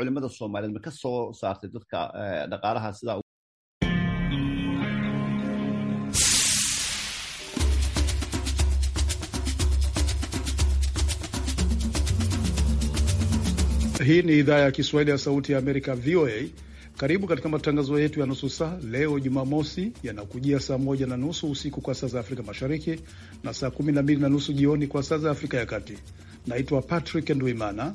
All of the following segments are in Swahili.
culimada soomaaliyeed ma ka soo saartay dadka eh, dhaqaalaha sidaa Hii ni idhaa ya Kiswahili ya Sauti ya Amerika, VOA. Karibu katika matangazo yetu ya nusu saa leo Jumamosi, yanakujia saa moja na nusu usiku kwa saa za Afrika Mashariki na saa kumi na mbili na nusu jioni kwa saa za Afrika ya Kati. Naitwa Patrick Ndwimana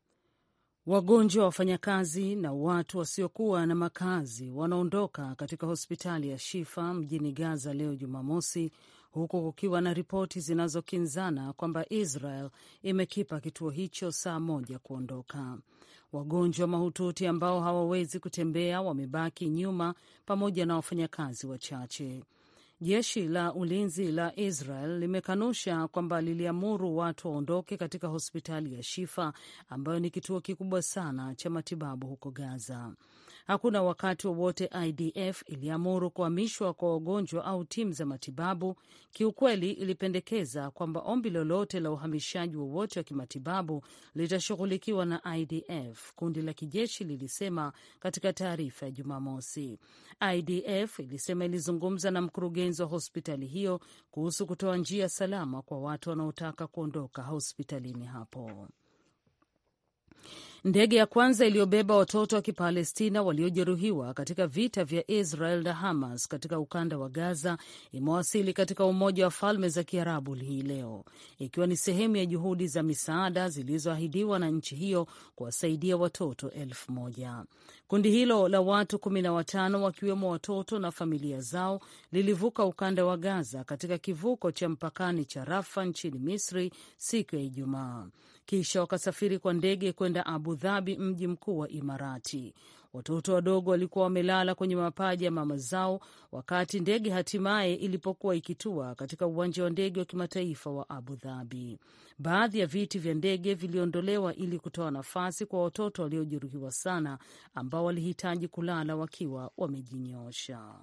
Wagonjwa, wafanyakazi na watu wasiokuwa na makazi wanaondoka katika hospitali ya Shifa mjini Gaza leo Jumamosi, huku kukiwa na ripoti zinazokinzana kwamba Israel imekipa kituo hicho saa moja kuondoka. Wagonjwa mahututi ambao hawawezi kutembea wamebaki nyuma pamoja na wafanyakazi wachache. Jeshi la ulinzi la Israel limekanusha kwamba liliamuru watu waondoke katika hospitali ya Shifa ambayo ni kituo kikubwa sana cha matibabu huko Gaza. Hakuna wakati wowote IDF iliamuru kuhamishwa kwa wagonjwa au timu za matibabu. Kiukweli, ilipendekeza kwamba ombi lolote la uhamishaji wowote wa kimatibabu litashughulikiwa na IDF, kundi la kijeshi lilisema katika taarifa ya Jumamosi. IDF ilisema ilizungumza na mkurugenzi wa hospitali hiyo kuhusu kutoa njia salama kwa watu wanaotaka kuondoka hospitalini hapo. Ndege ya kwanza iliyobeba watoto wa Kipalestina waliojeruhiwa katika vita vya Israel na Hamas katika ukanda wa Gaza imewasili katika Umoja wa Falme za Kiarabu hii leo, ikiwa ni sehemu ya juhudi za misaada zilizoahidiwa na nchi hiyo kuwasaidia watoto elfu moja. Kundi hilo la watu kumi na watano wakiwemo watoto na familia zao lilivuka ukanda wa Gaza katika kivuko cha mpakani cha Rafa nchini Misri siku ya Ijumaa kisha wakasafiri kwa ndege kwenda Abu Dhabi, mji mkuu wa Imarati. Watoto wadogo walikuwa wamelala kwenye mapaja ya mama zao wakati ndege hatimaye ilipokuwa ikitua katika uwanja wa ndege wa kimataifa wa Abu Dhabi. Baadhi ya viti vya ndege viliondolewa ili kutoa nafasi kwa watoto waliojeruhiwa sana ambao walihitaji kulala wakiwa wamejinyosha.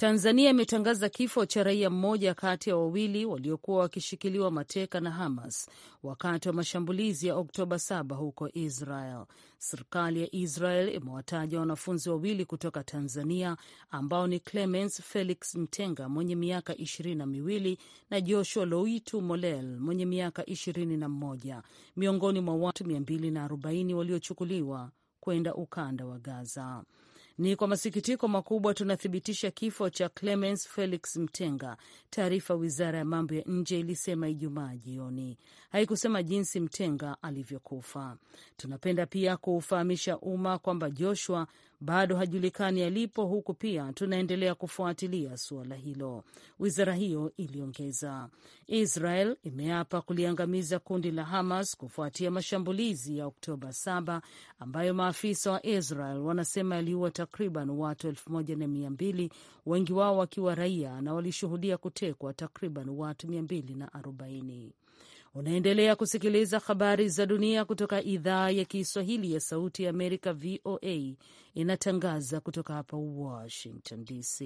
Tanzania imetangaza kifo cha raia mmoja kati ya wawili waliokuwa wakishikiliwa mateka na Hamas wakati wa mashambulizi ya Oktoba 7 huko Israel. Serikali ya Israel imewataja wanafunzi wawili kutoka Tanzania ambao ni Clemens Felix Mtenga mwenye miaka ishirini na miwili na Joshua Loitu Molel mwenye miaka ishirini na mmoja miongoni mwa watu 240 waliochukuliwa kwenda ukanda wa Gaza. Ni kwa masikitiko makubwa tunathibitisha kifo cha Clemens Felix Mtenga, taarifa wizara ya mambo ya nje ilisema Ijumaa jioni. Haikusema jinsi Mtenga alivyokufa. Tunapenda pia kuufahamisha umma kwamba Joshua bado hajulikani alipo, huku pia tunaendelea kufuatilia suala hilo, wizara hiyo iliongeza. Israel imeapa kuliangamiza kundi la Hamas kufuatia mashambulizi ya Oktoba 7 ambayo maafisa wa Israel wanasema yaliua takriban watu elfu na mia mbili, wengi wao wakiwa raia na walishuhudia kutekwa takriban watu mia mbili na arobaini. Unaendelea kusikiliza habari za dunia kutoka idhaa ya Kiswahili ya Sauti ya Amerika, VOA, inatangaza kutoka hapa Washington DC.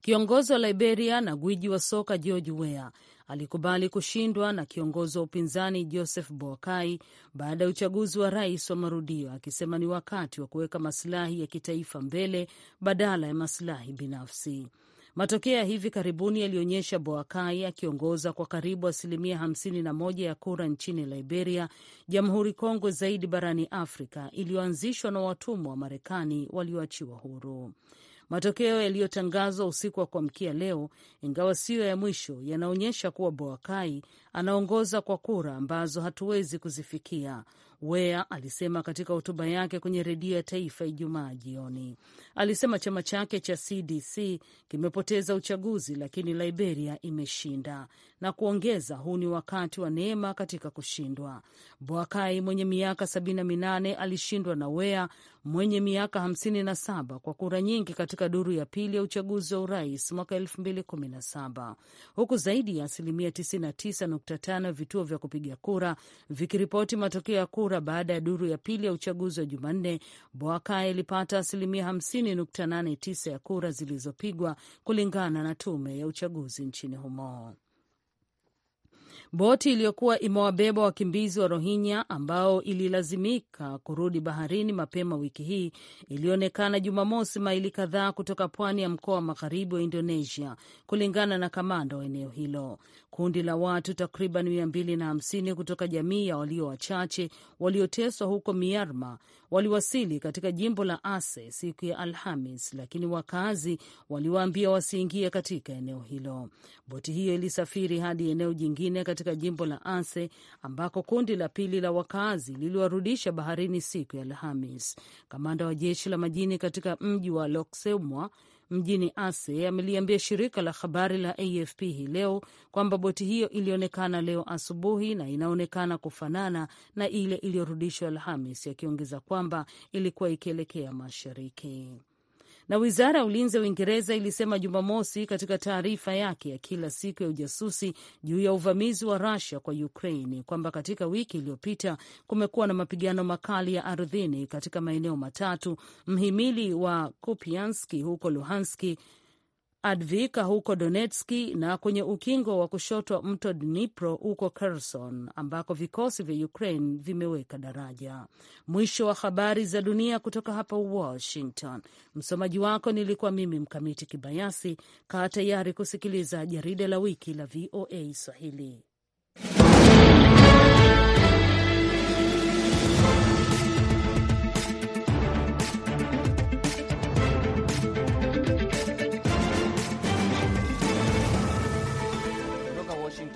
Kiongozi wa Liberia na gwiji wa soka George Weah alikubali kushindwa na kiongozi wa upinzani Joseph Boakai baada ya uchaguzi wa rais wa marudio, akisema ni wakati wa kuweka masilahi ya kitaifa mbele badala ya masilahi binafsi. Matokeo ya hivi karibuni yalionyesha Boakai akiongoza kwa karibu asilimia 51 ya kura nchini Liberia, jamhuri kongwe zaidi barani Afrika, iliyoanzishwa na watumwa wa Marekani walioachiwa huru. Matokeo yaliyotangazwa usiku wa kuamkia leo, ingawa siyo ya mwisho, yanaonyesha kuwa Boakai anaongoza kwa kura ambazo hatuwezi kuzifikia, Wea alisema katika hotuba yake kwenye redio ya taifa Ijumaa jioni. Alisema chama chake cha CDC kimepoteza uchaguzi, lakini Liberia imeshinda, na kuongeza huu ni wakati wa neema katika kushindwa. Boakai mwenye miaka 78 alishindwa na Wea mwenye miaka 57 kwa kura nyingi katika duru ya pili ya uchaguzi wa urais mwaka 2017 huku zaidi ya asilimia 99 1.5 vituo vya kupiga kura vikiripoti matokeo ya kura baada ya duru ya pili ya uchaguzi wa Jumanne, Boakai ilipata asilimia 50.89 ya kura zilizopigwa kulingana na tume ya uchaguzi nchini humo. Boti iliyokuwa imewabeba wakimbizi wa rohinya ambao ililazimika kurudi baharini mapema wiki hii ilionekana Jumamosi maili kadhaa kutoka pwani ya mkoa wa magharibi wa Indonesia, kulingana na kamanda wa eneo hilo. Kundi la watu takriban mia mbili na hamsini kutoka jamii ya walio wachache walioteswa huko Myanmar waliwasili katika jimbo la Aceh siku ya Alhamis, lakini wakazi waliwaambia wasiingie katika eneo hilo. Boti hiyo ilisafiri hadi eneo jingine katika katika jimbo la Aceh ambako kundi la pili la wakazi liliwarudisha baharini siku ya Alhamis. Kamanda wa jeshi la majini katika mji wa Loksemwa mjini ase ameliambia shirika la habari la AFP hii leo kwamba boti hiyo ilionekana leo asubuhi na inaonekana kufanana na ile iliyorudishwa Alhamis, yakiongeza kwamba ilikuwa ikielekea mashariki na wizara ya ulinzi ya Uingereza ilisema Jumamosi katika taarifa yake ya kila siku ya ujasusi juu ya uvamizi wa Rusia kwa Ukraine kwamba katika wiki iliyopita kumekuwa na mapigano makali ya ardhini katika maeneo matatu: mhimili wa Kupianski huko Luhanski, Advika huko Donetski na kwenye ukingo wa kushoto wa mto Dnipro huko Kherson ambako vikosi vya Ukraine vimeweka daraja. Mwisho wa habari za dunia kutoka hapa Washington. Msomaji wako nilikuwa mimi Mkamiti Kibayasi. Kaa tayari kusikiliza jarida la wiki la VOA Swahili.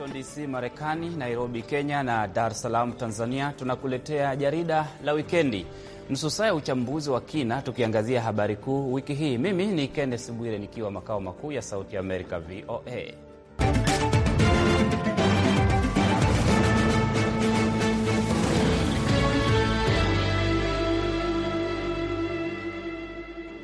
Washington DC Marekani, Nairobi Kenya na Dar es Salaam Tanzania, tunakuletea jarida la wikendi, nusu saa ya uchambuzi wa kina, tukiangazia habari kuu wiki hii. Mimi ni Kennes Bwire nikiwa makao makuu ya Sauti ya Amerika, VOA.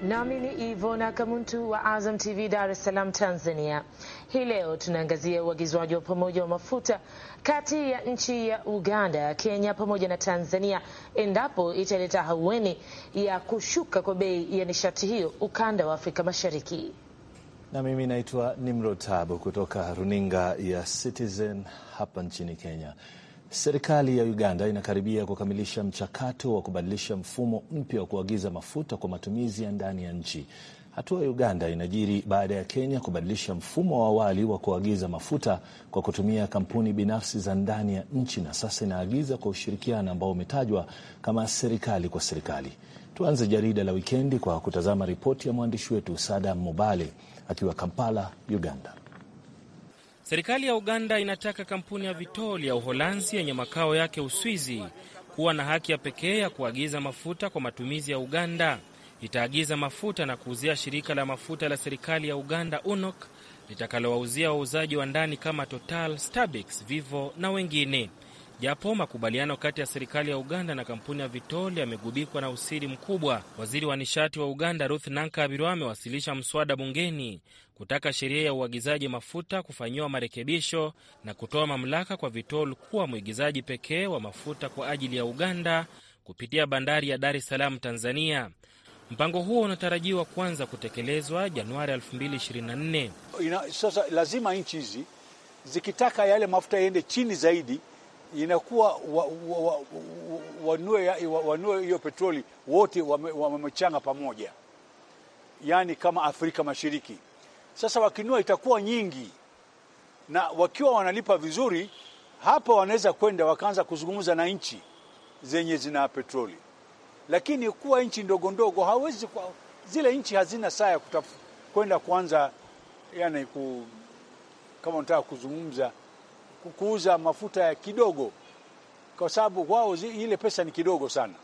Nami ni Ivona Kamuntu wa Azam TV, Dar es Salaam Tanzania. Hii leo tunaangazia uagizwaji wa pamoja wa mafuta kati ya nchi ya Uganda, Kenya pamoja na Tanzania endapo italeta haweni ya kushuka kwa bei ya nishati hiyo ukanda wa Afrika Mashariki. Na mimi naitwa Nimrod Tabu kutoka runinga ya Citizen hapa nchini Kenya. Serikali ya Uganda inakaribia kukamilisha mchakato wa kubadilisha mfumo mpya wa kuagiza mafuta kwa matumizi ya ndani ya nchi. Hatua ya Uganda inajiri baada ya Kenya kubadilisha mfumo wa awali wa kuagiza mafuta kwa kutumia kampuni binafsi za ndani ya nchi na sasa inaagiza kwa ushirikiano ambao umetajwa kama serikali kwa serikali. Tuanze jarida la wikendi kwa kutazama ripoti ya mwandishi wetu Sadam Mubale akiwa Kampala, Uganda. Serikali ya Uganda inataka kampuni ya Vitol ya Uholanzi yenye makao yake Uswizi kuwa na haki ya pekee ya kuagiza mafuta kwa matumizi ya Uganda itaagiza mafuta na kuuzia shirika la mafuta la serikali ya Uganda UNOC litakalowauzia wauzaji wa ndani kama Total, Stabix, Vivo na wengine. Japo makubaliano kati ya serikali ya Uganda na kampuni ya Vitol yamegubikwa na usiri mkubwa, waziri wa nishati wa Uganda Ruth Nankabirwa amewasilisha mswada bungeni kutaka sheria ya uagizaji mafuta kufanyiwa marekebisho na kutoa mamlaka kwa Vitol kuwa mwigizaji pekee wa mafuta kwa ajili ya Uganda kupitia bandari ya Dar es Salaam, Tanzania. Mpango huo unatarajiwa kuanza kutekelezwa Januari 2024. Ina, sasa lazima nchi hizi zikitaka yale mafuta yaende chini zaidi inakuwa wanue wa, wa, wa, wa, wa hiyo petroli wote wamechanga wa pamoja, yaani kama Afrika Mashariki. Sasa wakinua itakuwa nyingi, na wakiwa wanalipa vizuri, hapa wanaweza kwenda wakaanza kuzungumza na nchi zenye zina petroli lakini kuwa nchi ndogo ndogo hawezi kwa, zile nchi hazina saa ya kwenda kuanza yani ku, kama unataka kuzungumza kuuza mafuta ya kidogo, kwa sababu wao ile pesa ni kidogo sana.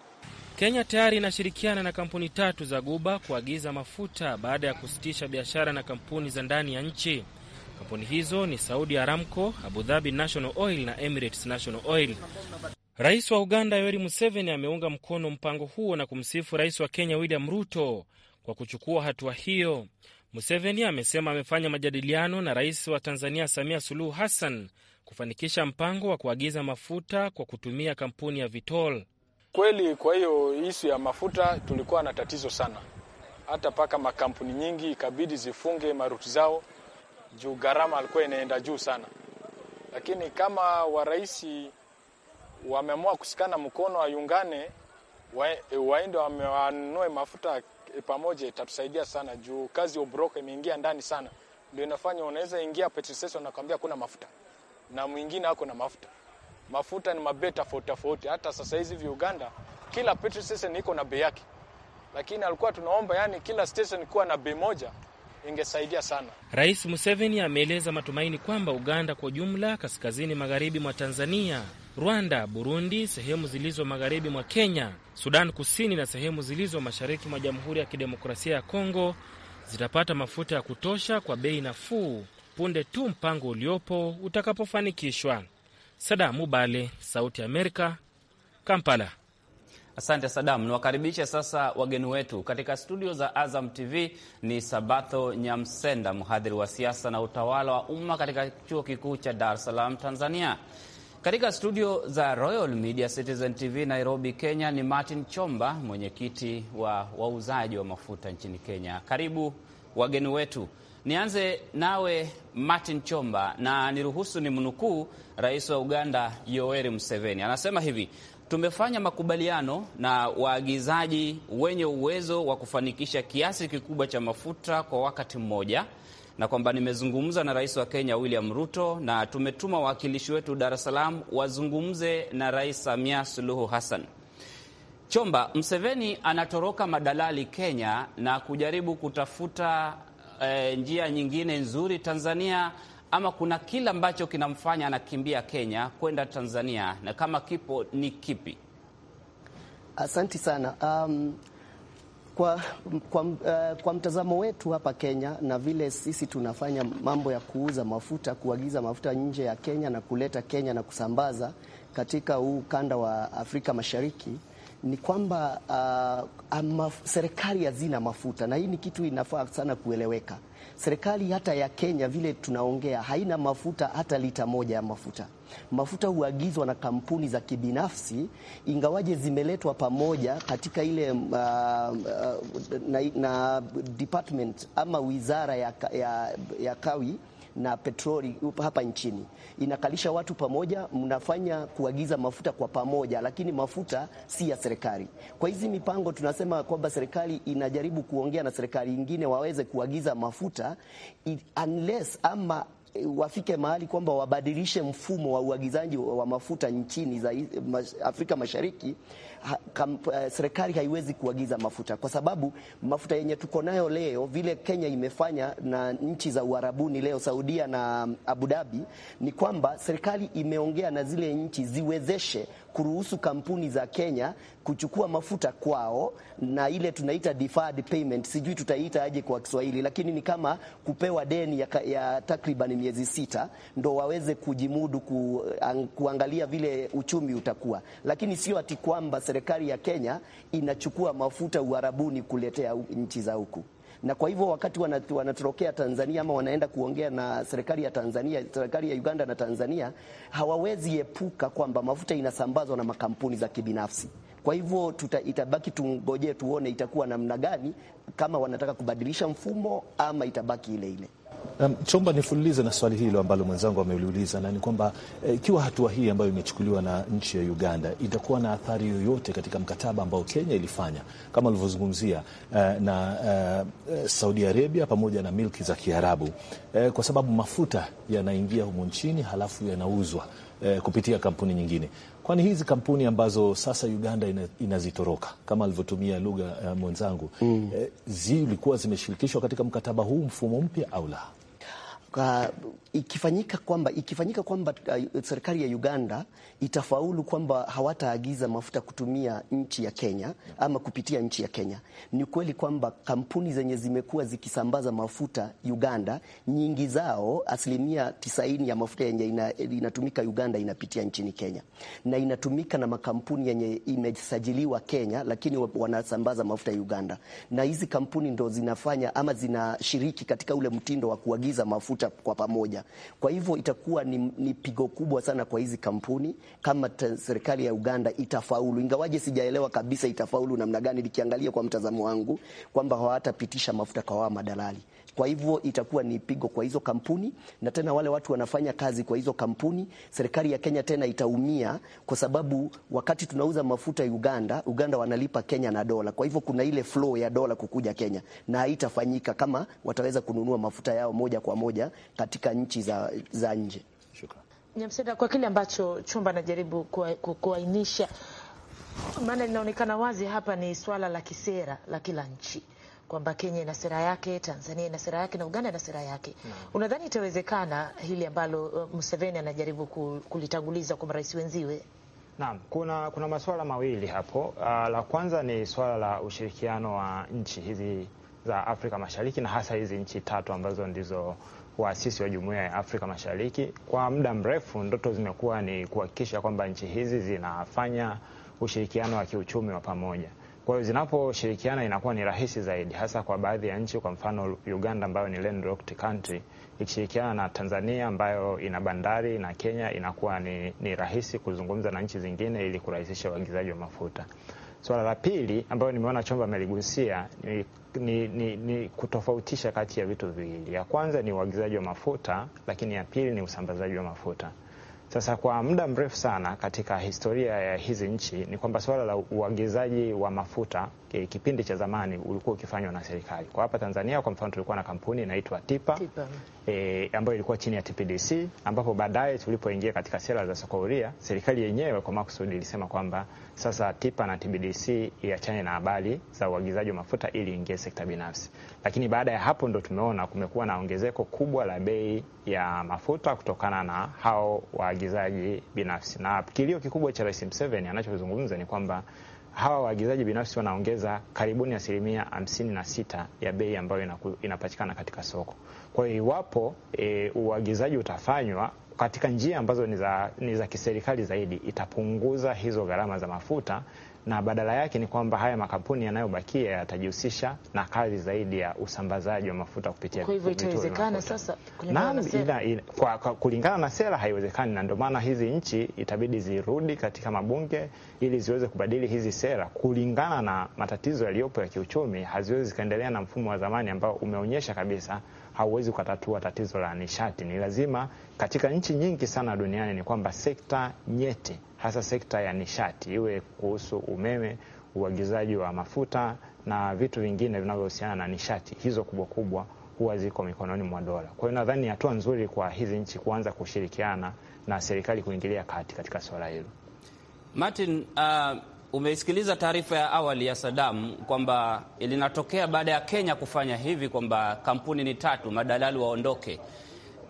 Kenya tayari inashirikiana na kampuni tatu za Guba kuagiza mafuta baada ya kusitisha biashara na kampuni za ndani ya nchi. Kampuni hizo ni Saudi Aramco, Abu Dhabi National Oil na Emirates National Oil. Rais wa Uganda Yoweri Museveni ameunga mkono mpango huo na kumsifu rais wa Kenya William Ruto kwa kuchukua hatua hiyo. Museveni amesema amefanya majadiliano na rais wa Tanzania Samia Suluhu Hassan kufanikisha mpango wa kuagiza mafuta kwa kutumia kampuni ya Vitol. Kweli, kwa hiyo isu ya mafuta tulikuwa na tatizo sana, hata mpaka makampuni nyingi ikabidi zifunge maruti zao juu gharama alikuwa inaenda juu sana, lakini kama waraisi wameamua kushikana mkono wayungane, waende wamewanunue mafuta pamoja, itatusaidia sana juu kazi ya broker imeingia ndani sana, ndio inafanya unaweza ingia petrol station na kuambia kuna mafuta na mwingine hako na mafuta. Mafuta ni mabei tofauti tofauti, hata sasa hizi vi Uganda kila petrol station iko na bei yake, lakini alikuwa tunaomba yani kila station kuwa na bei moja ingesaidia sana. Rais Museveni ameeleza matumaini kwamba Uganda kwa jumla, kaskazini magharibi mwa Tanzania Rwanda, Burundi, sehemu zilizo magharibi mwa Kenya, Sudan Kusini na sehemu zilizo mashariki mwa Jamhuri ya Kidemokrasia ya Kongo zitapata mafuta ya kutosha kwa bei nafuu punde tu mpango uliopo utakapofanikishwa. Sadamu Bale, Sauti ya Amerika, Kampala. Asante sadamu niwakaribishe sasa wageni wetu katika studio za Azam TV. Ni Sabatho Nyamsenda, mhadhiri wa siasa na utawala wa umma katika chuo kikuu cha Dar es Salaam, Tanzania. Katika studio za Royal Media Citizen TV Nairobi, Kenya ni Martin Chomba, mwenyekiti wa wauzaji wa mafuta nchini Kenya. Karibu wageni wetu. Nianze nawe Martin Chomba, na niruhusu ni mnukuu rais wa Uganda Yoweri Museveni, anasema hivi: tumefanya makubaliano na waagizaji wenye uwezo wa kufanikisha kiasi kikubwa cha mafuta kwa wakati mmoja na kwamba nimezungumza na rais wa Kenya William Ruto na tumetuma wawakilishi wetu Dar es Salaam wazungumze na Rais Samia Suluhu Hassan. Chomba, Mseveni anatoroka madalali Kenya na kujaribu kutafuta e, njia nyingine nzuri Tanzania, ama kuna kile ambacho kinamfanya anakimbia Kenya kwenda Tanzania, na kama kipo ni kipi? Asanti sana um kwa, kwa, uh, kwa mtazamo wetu hapa Kenya na vile sisi tunafanya mambo ya kuuza mafuta, kuagiza mafuta nje ya Kenya na kuleta Kenya na kusambaza katika huu ukanda wa Afrika Mashariki ni kwamba uh, maf serikali hazina mafuta, na hii ni kitu inafaa sana kueleweka. Serikali hata ya Kenya vile tunaongea haina mafuta hata lita moja ya mafuta mafuta huagizwa na kampuni za kibinafsi, ingawaje zimeletwa pamoja katika ile uh, uh, na, na department ama wizara ya, ya, ya kawi na petroli hapa nchini inakalisha watu pamoja, mnafanya kuagiza mafuta kwa pamoja, lakini mafuta si ya serikali. Kwa hizi mipango tunasema kwamba serikali inajaribu kuongea na serikali nyingine waweze kuagiza mafuta unless ama wafike mahali kwamba wabadilishe mfumo wa uagizaji wa mafuta nchini za Afrika Mashariki. Ha, uh, serikali haiwezi kuagiza mafuta kwa sababu mafuta yenye tuko nayo leo, vile Kenya imefanya na nchi za Uarabuni leo, Saudia na Abu Dhabi, ni kwamba serikali imeongea na zile nchi ziwezeshe kuruhusu kampuni za Kenya kuchukua mafuta kwao, na ile tunaita deferred payment, sijui tutaiita aje kwa Kiswahili, lakini ni kama kupewa deni ya, ya takriban miezi sita ndo waweze kujimudu ku, an, kuangalia vile uchumi utakuwa, lakini sio ati kwamba serikali ya Kenya inachukua mafuta Uarabuni kuletea nchi za huku na kwa hivyo wakati wanat, wanatorokea Tanzania ama wanaenda kuongea na serikali ya Tanzania, serikali ya Uganda na Tanzania hawawezi epuka kwamba mafuta inasambazwa na makampuni za kibinafsi. Kwa hivyo tuta, itabaki tungojee tuone itakuwa namna gani kama wanataka kubadilisha mfumo ama itabaki ile ile. Um, Chomba, nifululize na swali hilo ambalo mwenzangu ameliuliza na ni kwamba eh, ikiwa e, hatua hii ambayo imechukuliwa na nchi ya Uganda itakuwa na athari yoyote katika mkataba ambao Kenya ilifanya kama alivyozungumzia eh, na eh, eh Saudi Arabia pamoja na milki za Kiarabu eh, kwa sababu mafuta yanaingia humo nchini halafu yanauzwa eh, kupitia kampuni nyingine, kwani hizi kampuni ambazo sasa Uganda ina, inazitoroka kama alivyotumia lugha eh, mwenzangu mm. eh, zilikuwa zimeshirikishwa katika mkataba huu mfumo mpya au la? ikifanyika kwamba ikifanyika kwamba uh, serikali ya Uganda itafaulu kwamba hawataagiza mafuta kutumia nchi ya Kenya ama kupitia nchi ya Kenya, ni kweli kwamba kampuni zenye zimekuwa zikisambaza mafuta Uganda, nyingi zao, asilimia tisaini ya mafuta yenye ina, inatumika Uganda inapitia nchini Kenya na inatumika na makampuni yenye imesajiliwa Kenya, lakini wanasambaza mafuta Uganda, na hizi kampuni ndo zinafanya ama zinashiriki katika ule mtindo wa kuagiza mafuta kwa pamoja moja. Kwa hivyo itakuwa ni, ni pigo kubwa sana kwa hizi kampuni kama serikali ya Uganda itafaulu, ingawaje sijaelewa kabisa itafaulu namna gani, likiangalia kwa mtazamo wangu kwamba hawatapitisha mafuta kwa wao madalali. Kwa hivyo itakuwa ni pigo kwa hizo kampuni na tena wale watu wanafanya kazi kwa hizo kampuni. Serikali ya Kenya tena itaumia, kwa sababu wakati tunauza mafuta Uganda, Uganda wanalipa Kenya na dola. Kwa hivyo kuna ile flow ya dola kukuja Kenya, na haitafanyika kama wataweza kununua mafuta yao moja kwa moja katika nchi za, za nje. Nyamseda, kwa kile ambacho chumba anajaribu kuainisha, maana linaonekana wazi hapa ni swala la kisera la kila nchi kwamba Kenya ina sera yake, Tanzania ina sera yake na Uganda ina sera yake no. Unadhani itawezekana hili ambalo uh, Museveni anajaribu kulitanguliza kwa marais wenziwe? Naam, kuna, kuna masuala mawili hapo. Uh, la kwanza ni suala la ushirikiano wa nchi hizi za Afrika Mashariki na hasa hizi nchi tatu ambazo ndizo waasisi wa Jumuiya ya Afrika Mashariki. Kwa muda mrefu ndoto zimekuwa ni kuhakikisha kwamba nchi hizi zinafanya ushirikiano wa kiuchumi wa pamoja. Kwa hiyo zinaposhirikiana inakuwa ni rahisi zaidi, hasa kwa baadhi ya nchi, kwa mfano Uganda ambayo ni landlocked country ikishirikiana na Tanzania ambayo ina bandari na Kenya, inakuwa ni, ni rahisi kuzungumza na nchi zingine ili kurahisisha uagizaji wa mafuta. Swala la pili ambayo nimeona chomba ameligusia ni, ni, ni, ni kutofautisha kati ya vitu viwili. Ya kwanza ni uagizaji wa mafuta, lakini ya pili ni usambazaji wa mafuta. Sasa kwa muda mrefu sana katika historia ya hizi nchi ni kwamba suala la uagizaji wa mafuta kipindi cha zamani ulikuwa ukifanywa na serikali. Kwa hapa Tanzania kwa mfano tulikuwa na kampuni inaitwa Tipa, Tipa. E, ambayo ilikuwa chini ya TPDC ambapo baadaye tulipoingia katika sera za soko huria, serikali yenyewe kwa makusudi ilisema kwamba sasa Tipa na TPDC iachane na habari za uagizaji wa mafuta ili ingie sekta binafsi. Lakini baada ya hapo ndo tumeona kumekuwa na ongezeko kubwa la bei ya mafuta kutokana na hao waagizaji binafsi. Na kilio kikubwa cha Rais Museveni anachozungumza ni kwamba hawa waagizaji binafsi wanaongeza karibuni asilimia hamsini na sita ya bei ambayo inapatikana katika soko. Kwa hiyo iwapo e, uagizaji utafanywa katika njia ambazo ni za kiserikali zaidi, itapunguza hizo gharama za mafuta na badala yake ni kwamba haya makampuni yanayobakia yatajihusisha na kazi zaidi ya usambazaji wa mafuta kupitia sasa kulingana na sera ina, kwa, kwa, kulingana na sera haiwezekani, na ndio maana hizi nchi itabidi zirudi katika mabunge ili ziweze kubadili hizi sera kulingana na matatizo yaliyopo ya kiuchumi. Haziwezi zikaendelea na mfumo wa zamani ambao umeonyesha kabisa hauwezi ukatatua tatizo la nishati. Ni lazima katika nchi nyingi sana duniani ni kwamba sekta nyeti hasa sekta ya nishati, iwe kuhusu umeme, uagizaji wa mafuta na vitu vingine vinavyohusiana na nishati hizo kubwa kubwa huwa ziko mikononi mwa dola. Kwa hiyo nadhani ni hatua nzuri kwa hizi nchi kuanza kushirikiana na serikali kuingilia kati katika swala hilo. Martin, uh, umesikiliza taarifa ya awali ya Sadamu kwamba linatokea baada ya Kenya kufanya hivi kwamba kampuni ni tatu, madalali waondoke.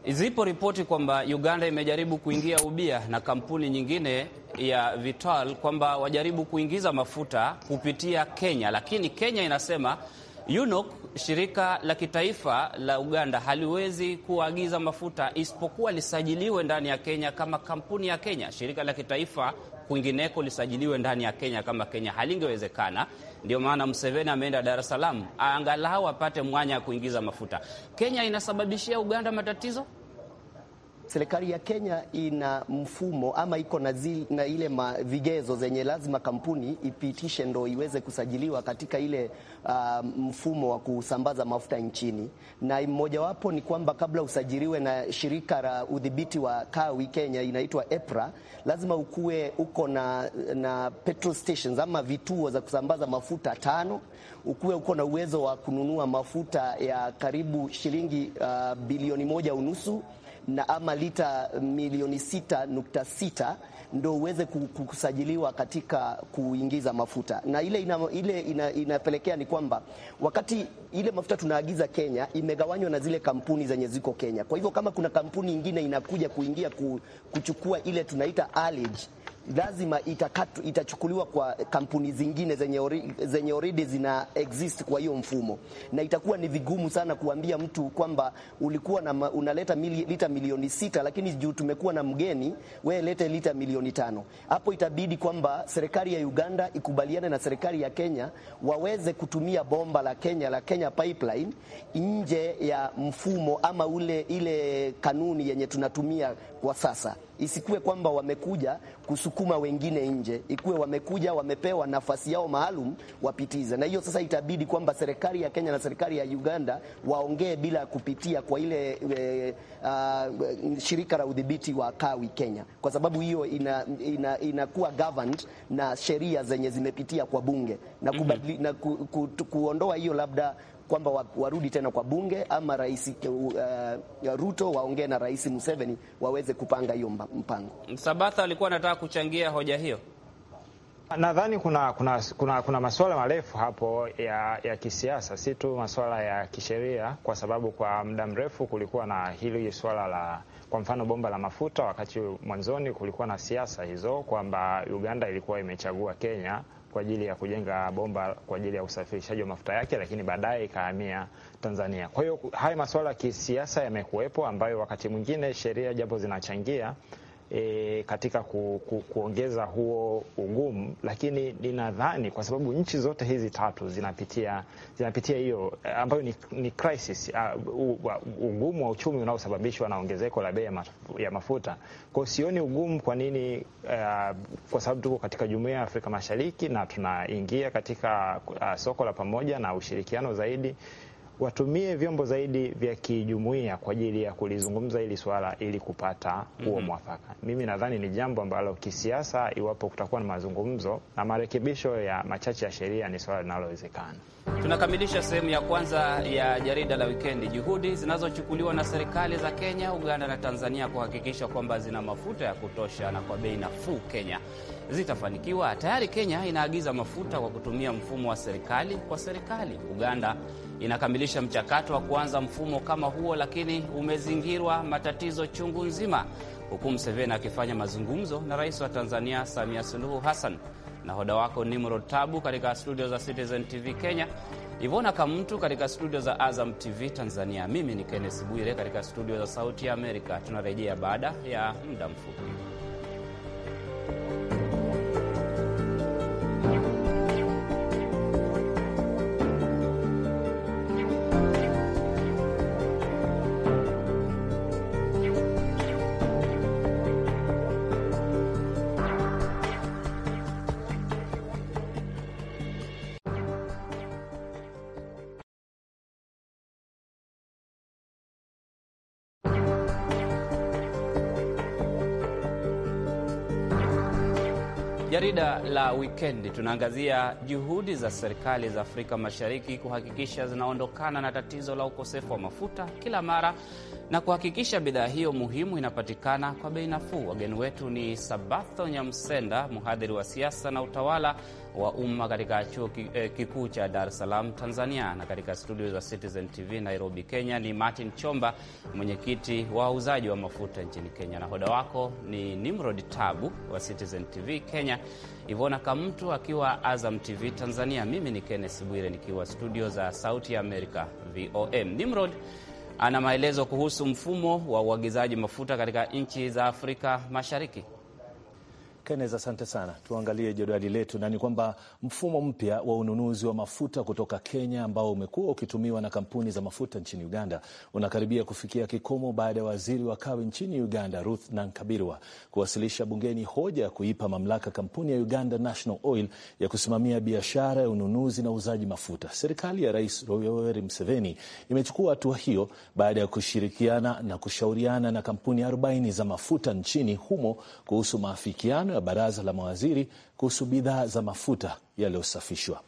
Zipo ripoti kwamba Uganda imejaribu kuingia ubia na kampuni nyingine ya Vital kwamba wajaribu kuingiza mafuta kupitia Kenya, lakini Kenya inasema UNOC, shirika la kitaifa la Uganda, haliwezi kuagiza mafuta isipokuwa lisajiliwe ndani ya Kenya kama kampuni ya Kenya. Shirika la kitaifa kwingineko lisajiliwe ndani ya Kenya kama Kenya halingewezekana. Ndio maana Museveni ameenda Dar es Salaam angalau apate mwanya wa kuingiza mafuta. Kenya inasababishia Uganda matatizo serikali ya Kenya ina mfumo ama iko na, na ile vigezo zenye lazima kampuni ipitishe ndo iweze kusajiliwa katika ile uh, mfumo wa kusambaza mafuta nchini, na mmojawapo ni kwamba kabla usajiliwe na shirika la udhibiti wa kawi Kenya inaitwa EPRA, lazima ukue uko na, na petrol stations ama vituo za kusambaza mafuta tano, ukue uko na uwezo wa kununua mafuta ya karibu shilingi uh, bilioni moja unusu na ama lita milioni sita nukta sita ndo uweze kusajiliwa katika kuingiza mafuta, na ile, ina, ile ina, inapelekea ni kwamba wakati ile mafuta tunaagiza Kenya imegawanywa na zile kampuni zenye ziko Kenya. Kwa hivyo kama kuna kampuni ingine inakuja kuingia kuchukua ile tunaita allege, lazima itakatu, itachukuliwa kwa kampuni zingine zenye, ori, zenye already zina exist kwa hiyo mfumo, na itakuwa ni vigumu sana kuambia mtu kwamba ulikuwa na, unaleta mili, lita milioni sita, lakini juu tumekuwa na mgeni we lete lita milioni tano. Hapo itabidi kwamba serikali ya Uganda ikubaliane na serikali ya Kenya waweze kutumia bomba la Kenya la Kenya Pipeline nje ya mfumo ama ule ile kanuni yenye tunatumia kwa sasa, isikuwe kwamba wamekuja kusuku kusukuma wengine nje, ikuwe wamekuja wamepewa nafasi yao maalum wapitize. Na hiyo sasa itabidi kwamba serikali ya Kenya na serikali ya Uganda waongee bila kupitia kwa ile e, eh, a, ah, shirika la udhibiti wa kawi Kenya, kwa sababu hiyo inakuwa ina, ina governed na sheria zenye zimepitia kwa bunge na, mhm. kubadili, mm -hmm. na ku, ku, ku, kuondoa hiyo labda kwamba warudi tena kwa bunge ama rais uh, Ruto waongee na rais Museveni waweze kupanga hiyo mpango. Sabatha alikuwa anataka kuchangia hoja hiyo. Nadhani kuna, kuna, kuna, kuna masuala marefu hapo ya, ya kisiasa, si tu masuala ya kisheria, kwa sababu kwa muda mrefu kulikuwa na hili swala la kwa mfano bomba la mafuta. Wakati mwanzoni kulikuwa na siasa hizo kwamba Uganda ilikuwa imechagua Kenya kwa ajili ya kujenga bomba kwa ajili ya usafirishaji wa mafuta yake, lakini baadaye ikahamia Tanzania. Kwa hiyo haya masuala ya kisiasa yamekuwepo, ambayo wakati mwingine sheria japo zinachangia e, katika ku, ku, kuongeza huo ugumu, lakini ninadhani kwa sababu nchi zote hizi tatu zinapitia zinapitia hiyo ambayo ni, ni crisis uh, ugumu wa uchumi unaosababishwa na ongezeko la bei ya mafuta. Kwa hiyo sioni ugumu kwa nini uh, kwa sababu tuko katika Jumuiya ya Afrika Mashariki na tunaingia katika uh, soko la pamoja na ushirikiano zaidi watumie vyombo zaidi vya kijumuiya kwa ajili ya kulizungumza hili swala ili kupata huo mm -hmm. mwafaka. Mimi nadhani ni jambo ambalo kisiasa, iwapo kutakuwa na mazungumzo na marekebisho ya machache ya sheria, ni swala linalowezekana. Tunakamilisha sehemu ya kwanza ya jarida la wikendi, juhudi zinazochukuliwa na serikali za Kenya, Uganda na Tanzania kuhakikisha kwamba zina mafuta ya kutosha na kwa bei nafuu Kenya zitafanikiwa. Tayari Kenya inaagiza mafuta kwa kutumia mfumo wa serikali kwa serikali. Uganda inakamilisha mchakato wa kuanza mfumo kama huo, lakini umezingirwa matatizo chungu nzima, huku Mseveni akifanya mazungumzo na rais wa Tanzania Samia Suluhu Hassan. Nahoda wako Nimrod Tabu katika studio za Citizen TV Kenya, Ivona Kamtu katika studio za Azam TV Tanzania. Mimi ni Kennes Bwire katika studio za Sauti ya Amerika. Tunarejea baada ya muda mfupi. Jarida la wikendi tunaangazia juhudi za serikali za Afrika Mashariki kuhakikisha zinaondokana na tatizo la ukosefu wa mafuta kila mara na kuhakikisha bidhaa hiyo muhimu inapatikana kwa bei nafuu. Wageni wetu ni Sabatho Nyamsenda, mhadhiri wa siasa na utawala wa umma katika chuo eh, kikuu cha Dar es Salaam, Tanzania. Na katika studio za Citizen TV Nairobi, Kenya ni Martin Chomba, mwenyekiti wa wauzaji wa mafuta nchini Kenya. Nahoda wako ni Nimrod Tabu wa Citizen TV Kenya, Ivona Kamtu akiwa Azam TV Tanzania. Mimi ni Kenneth Bwire nikiwa studio za Sauti ya Amerika, Nimrod ana maelezo kuhusu mfumo wa uagizaji mafuta katika nchi za Afrika Mashariki. Kenneth, asante sana. Tuangalie jedwali letu, na ni kwamba mfumo mpya wa ununuzi wa mafuta kutoka Kenya ambao umekuwa ukitumiwa na kampuni za mafuta nchini Uganda unakaribia kufikia kikomo baada ya waziri wa kawi nchini Uganda Ruth Nankabirwa kuwasilisha bungeni hoja ya kuipa mamlaka kampuni ya Uganda National Oil ya kusimamia biashara ya ununuzi na uuzaji mafuta. Serikali ya Rais Yoweri Museveni imechukua hatua hiyo baada ya kushirikiana na kushauriana na kampuni 40 za mafuta nchini humo kuhusu maafikiano la baraza la mawaziri kuhusu bidhaa za mafuta yaliyosafishwa.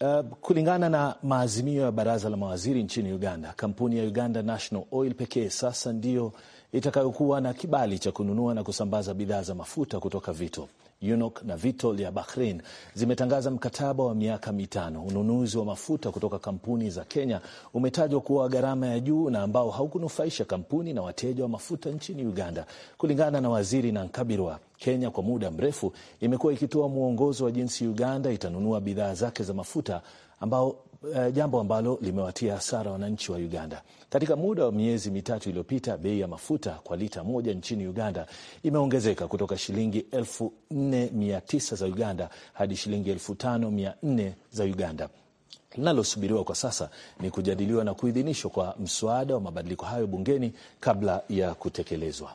Uh, kulingana na maazimio ya baraza la mawaziri nchini Uganda, kampuni ya Uganda National Oil pekee sasa ndiyo itakayokuwa na kibali cha kununua na kusambaza bidhaa za mafuta kutoka Vito. Unok na Vitol ya Bahrain zimetangaza mkataba wa miaka mitano. Ununuzi wa mafuta kutoka kampuni za Kenya umetajwa kuwa gharama ya juu na ambao haukunufaisha kampuni na wateja wa mafuta nchini Uganda. Kulingana na Waziri na wa Kenya kwa muda mrefu imekuwa ikitoa mwongozo wa jinsi Uganda itanunua bidhaa zake za mafuta ambao uh, jambo ambalo limewatia hasara wananchi wa Uganda. Katika muda wa miezi mitatu iliyopita, bei ya mafuta kwa lita moja nchini Uganda imeongezeka kutoka shilingi elfu za Uganda hadi shilingi elfu za Uganda. Linalosubiriwa kwa sasa ni kujadiliwa na kuidhinishwa kwa mswada wa mabadiliko hayo bungeni kabla ya kutekelezwa.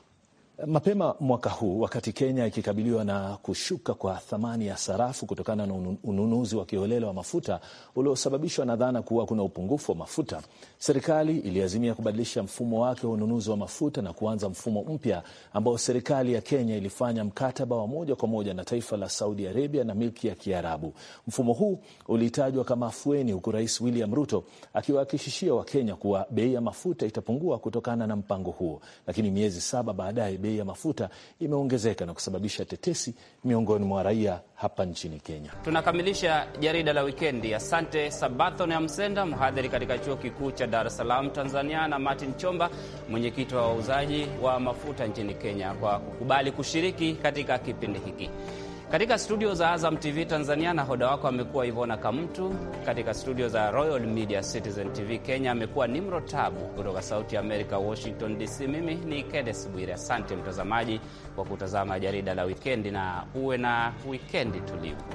Mapema mwaka huu wakati Kenya ikikabiliwa na kushuka kwa thamani ya sarafu kutokana na ununuzi wa kiholela wa mafuta uliosababishwa na dhana kuwa kuna upungufu wa mafuta, serikali iliazimia kubadilisha mfumo wake wa ununuzi wa mafuta na kuanza mfumo mpya ambao serikali ya Kenya ilifanya mkataba wa moja kwa moja na taifa la Saudi Arabia na milki ya Kiarabu. Mfumo huu ulitajwa kama afueni, huku Rais William Ruto akiwahakikishia Wakenya kuwa bei ya mafuta itapungua kutokana na mpango huo, lakini miezi saba baadaye bei ya mafuta imeongezeka na kusababisha tetesi miongoni mwa raia hapa nchini Kenya. Tunakamilisha jarida la wikendi. Asante Sabathon ya Msenda, mhadhiri katika chuo kikuu cha Dar es Salaam, Tanzania, na Martin Chomba, mwenyekiti wa wauzaji wa mafuta nchini Kenya, kwa kukubali kushiriki katika kipindi hiki. Katika studio za Azam TV Tanzania, na hoda wako amekuwa Ivona Kamtu. Katika studio za Royal Media Citizen TV Kenya amekuwa Nimro Tabu. Kutoka Sauti ya Amerika, Washington DC, mimi ni kenes Bwire. Asante mtazamaji kwa kutazama jarida la wikendi, na uwe na wikendi tulivu.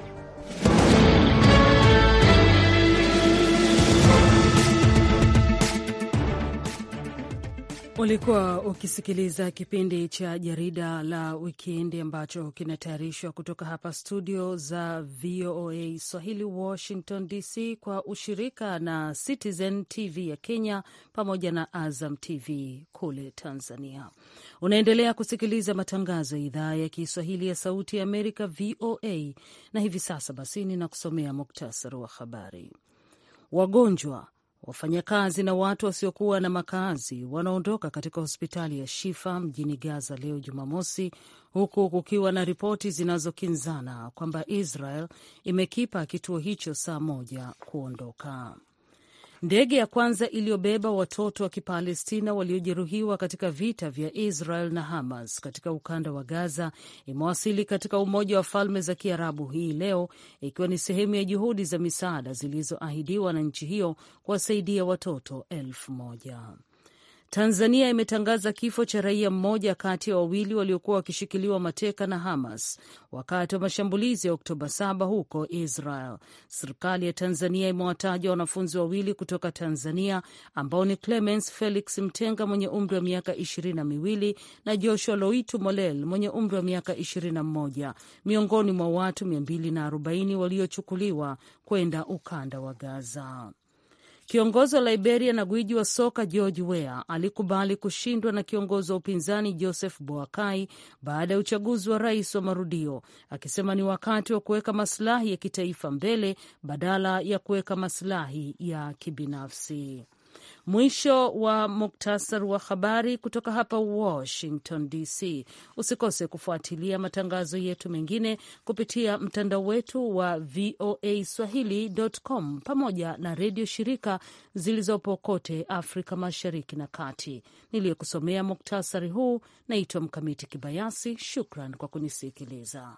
Ulikuwa ukisikiliza kipindi cha jarida la wikendi ambacho kinatayarishwa kutoka hapa studio za VOA Swahili, Washington DC, kwa ushirika na Citizen TV ya Kenya pamoja na Azam TV kule Tanzania. Unaendelea kusikiliza matangazo ya idhaa ya Kiswahili ya Sauti ya Amerika, VOA, na hivi sasa basi ninakusomea muktasari wa habari. Wagonjwa Wafanyakazi na watu wasiokuwa na makazi wanaondoka katika hospitali ya Shifa mjini Gaza leo Jumamosi, huku kukiwa na ripoti zinazokinzana kwamba Israel imekipa kituo hicho saa moja kuondoka. Ndege ya kwanza iliyobeba watoto wa Kipalestina waliojeruhiwa katika vita vya Israel na Hamas katika ukanda wa Gaza imewasili katika Umoja wa Falme za Kiarabu hii leo, ikiwa ni sehemu ya juhudi za misaada zilizoahidiwa na nchi hiyo kuwasaidia watoto elfu moja. Tanzania imetangaza kifo cha raia mmoja kati ya wawili waliokuwa wakishikiliwa mateka na Hamas wakati wa mashambulizi ya Oktoba 7 huko Israel. Serikali ya Tanzania imewataja wanafunzi wawili kutoka Tanzania ambao ni Clemens Felix Mtenga mwenye umri wa miaka ishirini na miwili na Joshua Loitu Molel mwenye umri wa miaka ishirini na mmoja miongoni mwa watu 240 waliochukuliwa kwenda ukanda wa Gaza. Kiongozi wa Liberia na gwiji wa soka George Weah alikubali kushindwa na kiongozi wa upinzani Joseph Boakai baada ya uchaguzi wa rais wa marudio, akisema ni wakati wa kuweka masilahi ya kitaifa mbele badala ya kuweka masilahi ya kibinafsi. Mwisho wa muktasar wa habari kutoka hapa Washington DC. Usikose kufuatilia matangazo yetu mengine kupitia mtandao wetu wa VOA swahili.com pamoja na redio shirika zilizopo kote Afrika Mashariki na Kati. Niliyekusomea muktasari huu naitwa Mkamiti Kibayasi. Shukran kwa kunisikiliza.